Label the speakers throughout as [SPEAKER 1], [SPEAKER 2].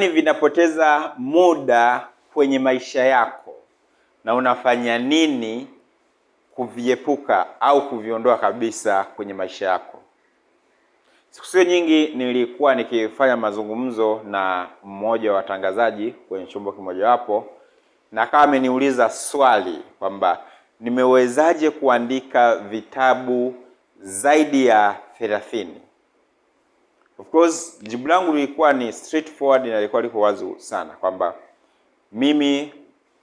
[SPEAKER 1] Yaani vinapoteza muda kwenye maisha yako na unafanya nini kuviepuka au kuviondoa kabisa kwenye maisha yako. Siku sio nyingi nilikuwa nikifanya mazungumzo na mmoja wa watangazaji kwenye chombo kimojawapo, na akawa ameniuliza swali kwamba nimewezaje kuandika vitabu zaidi ya thelathini Of course jibu langu lilikuwa ni straightforward na lilikuwa liko wazi sana kwamba mimi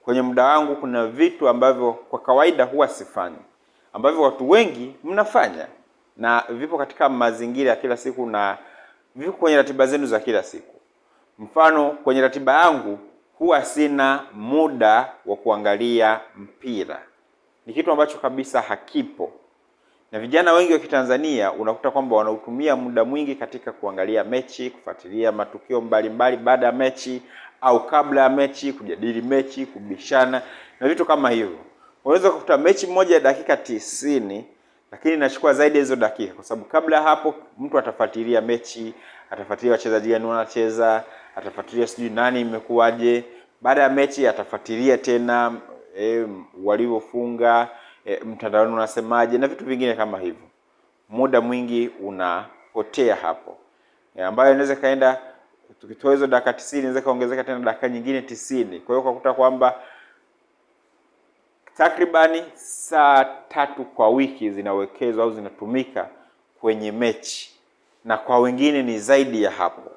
[SPEAKER 1] kwenye muda wangu kuna vitu ambavyo kwa kawaida huwa sifanyi, ambavyo watu wengi mnafanya na vipo katika mazingira ya kila siku na vipo kwenye ratiba zenu za kila siku. Mfano, kwenye ratiba yangu huwa sina muda wa kuangalia mpira, ni kitu ambacho kabisa hakipo na vijana wengi wa Kitanzania unakuta kwamba wanautumia muda mwingi katika kuangalia mechi, kufuatilia matukio mbalimbali baada ya mechi au kabla ya mechi, kujadili mechi, kubishana na vitu kama hivyo. Unaweza kukuta mechi moja ya dakika tisini lakini inachukua zaidi ya hizo dakika, kwa sababu kabla ya hapo mtu atafuatilia mechi, atafuatilia wachezaji gani wanacheza, atafuatilia sijui nani imekuwaje. Baada ya mechi atafuatilia tena e, walivyofunga e, mtandaoni unasemaje na vitu vingine kama hivyo. Muda mwingi unapotea hapo e, ambayo inaweza kaenda, tukitoa hizo dakika tisini inaweza kaongezeka tena dakika nyingine tisini. Kwa hiyo ukakuta kwamba takribani saa tatu kwa wiki zinawekezwa au zinatumika kwenye mechi na kwa wengine ni zaidi ya hapo.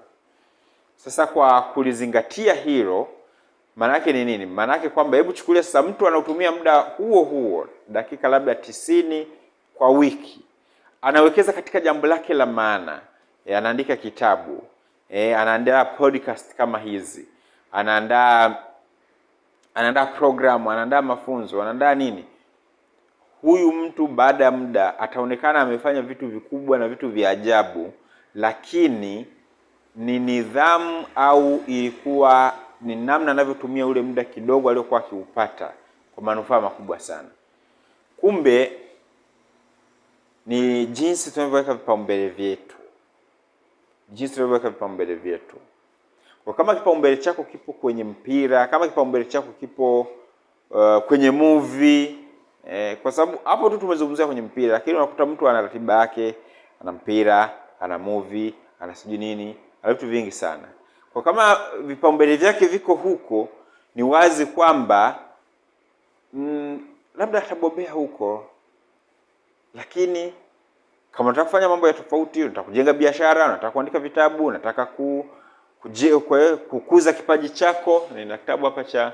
[SPEAKER 1] Sasa kwa kulizingatia hilo maana yake ni nini? Maana yake kwamba hebu chukulia sasa, mtu anaotumia muda huo huo dakika labda tisini kwa wiki anawekeza katika jambo lake la maana e, anaandika kitabu e, anaandaa podcast kama hizi, anaandaa anaandaa programu, anaandaa mafunzo, anaandaa nini, huyu mtu baada ya muda ataonekana amefanya vitu vikubwa na vitu vya ajabu, lakini ni nidhamu au ilikuwa ni namna anavyotumia ule muda kidogo aliokuwa akiupata kwa manufaa makubwa sana. Kumbe ni jinsi tunavyoweka vipaumbele vyetu, jinsi tunavyoweka vipaumbele vyetu. Kwa kama kipaumbele chako kipo kwenye mpira, kama kipaumbele chako kipo uh, kwenye movie eh, kwa sababu hapo tu tumezungumzia kwenye mpira, lakini unakuta mtu ana ratiba yake, ana mpira, ana movie, ana sijui nini, ana vitu vingi sana. Kwa kama vipaumbele vyake viko huko, ni wazi kwamba mm, labda atabobea huko, lakini kama unataka kufanya mambo ya tofauti, unataka kujenga biashara, unataka kuandika vitabu, unataka ku, kuje, kwe, kukuza kipaji chako. Nina kitabu hapa cha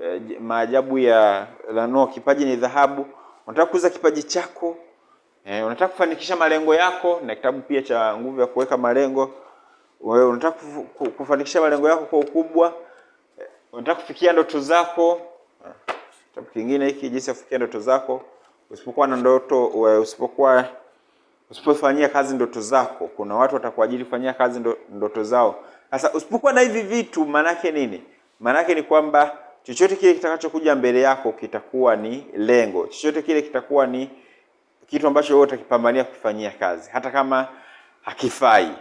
[SPEAKER 1] eh, maajabu ya Lano, kipaji ni dhahabu. Unataka kukuza kipaji chako eh, unataka kufanikisha malengo yako, na kitabu pia cha nguvu ya kuweka malengo wewe unataka kufanikisha malengo yako kwa ukubwa, eh, unataka kufikia ndoto zako. Eh, kitabu kingine hiki, jinsi ya kufikia ndoto zako. Usipokuwa na ndoto, usipokuwa usipofanyia kazi ndoto zako, kuna watu watakuajiri kufanyia kazi ndoto zao. Sasa usipokuwa na hivi vitu, maanake nini? Maanake ni kwamba chochote kile kitakachokuja mbele yako kitakuwa ni lengo, chochote kile kitakuwa ni kitu ambacho wewe utakipambania kukifanyia kazi, hata kama hakifai.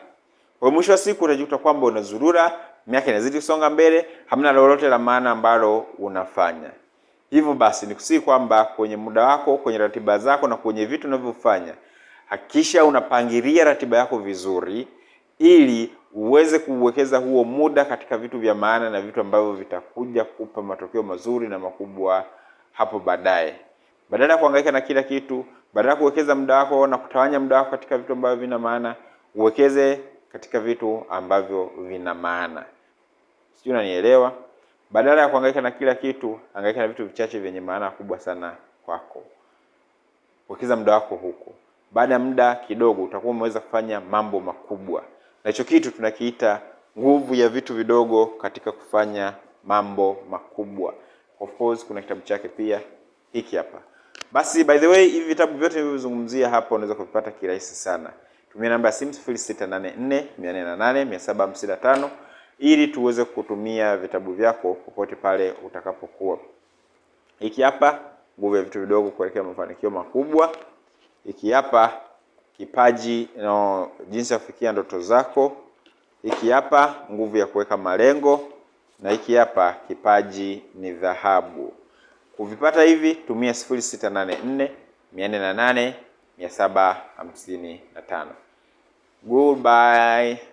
[SPEAKER 1] Kwa mwisho wa siku utajikuta kwamba unazurura, miaka inazidi kusonga mbele, hamna lolote la maana ambalo unafanya. Hivyo basi nikusii kwamba kwenye muda wako, kwenye ratiba zako na kwenye vitu unavyofanya, hakikisha unapangilia ratiba yako vizuri ili uweze kuwekeza huo muda katika vitu vya maana na vitu ambavyo vitakuja kupa matokeo mazuri na makubwa hapo baadaye, badala ya kuhangaika na kila kitu, badala ya kuwekeza muda wako na kutawanya muda wako katika vitu ambavyo vina maana, uwekeze katika vitu ambavyo vina maana. Sijui unanielewa? Badala ya kuhangaika na kila kitu, hangaika na vitu vichache vyenye maana kubwa sana kwako. Wekeza muda wako huko. Baada ya muda kidogo utakuwa umeweza kufanya mambo makubwa, na hicho kitu tunakiita nguvu ya vitu vidogo katika kufanya mambo makubwa. Of course kuna kitabu chake pia hiki hapa. Basi by the way, hivi vitabu vyote nilivyozungumzia hapa unaweza kuvipata kirahisi sana tumia namba ya simu 0684488755 ili tuweze kutumia vitabu vyako popote pale utakapokuwa. Hiki hapa nguvu ya vitu vidogo kuelekea mafanikio makubwa. Hiki hapa kipaji no, jinsi ya kufikia ndoto zako. Hiki hapa nguvu ya kuweka malengo, na hiki hapa kipaji ni dhahabu. Kuvipata hivi tumia 0684 408 mia saba hamsini na tano. Goodbye.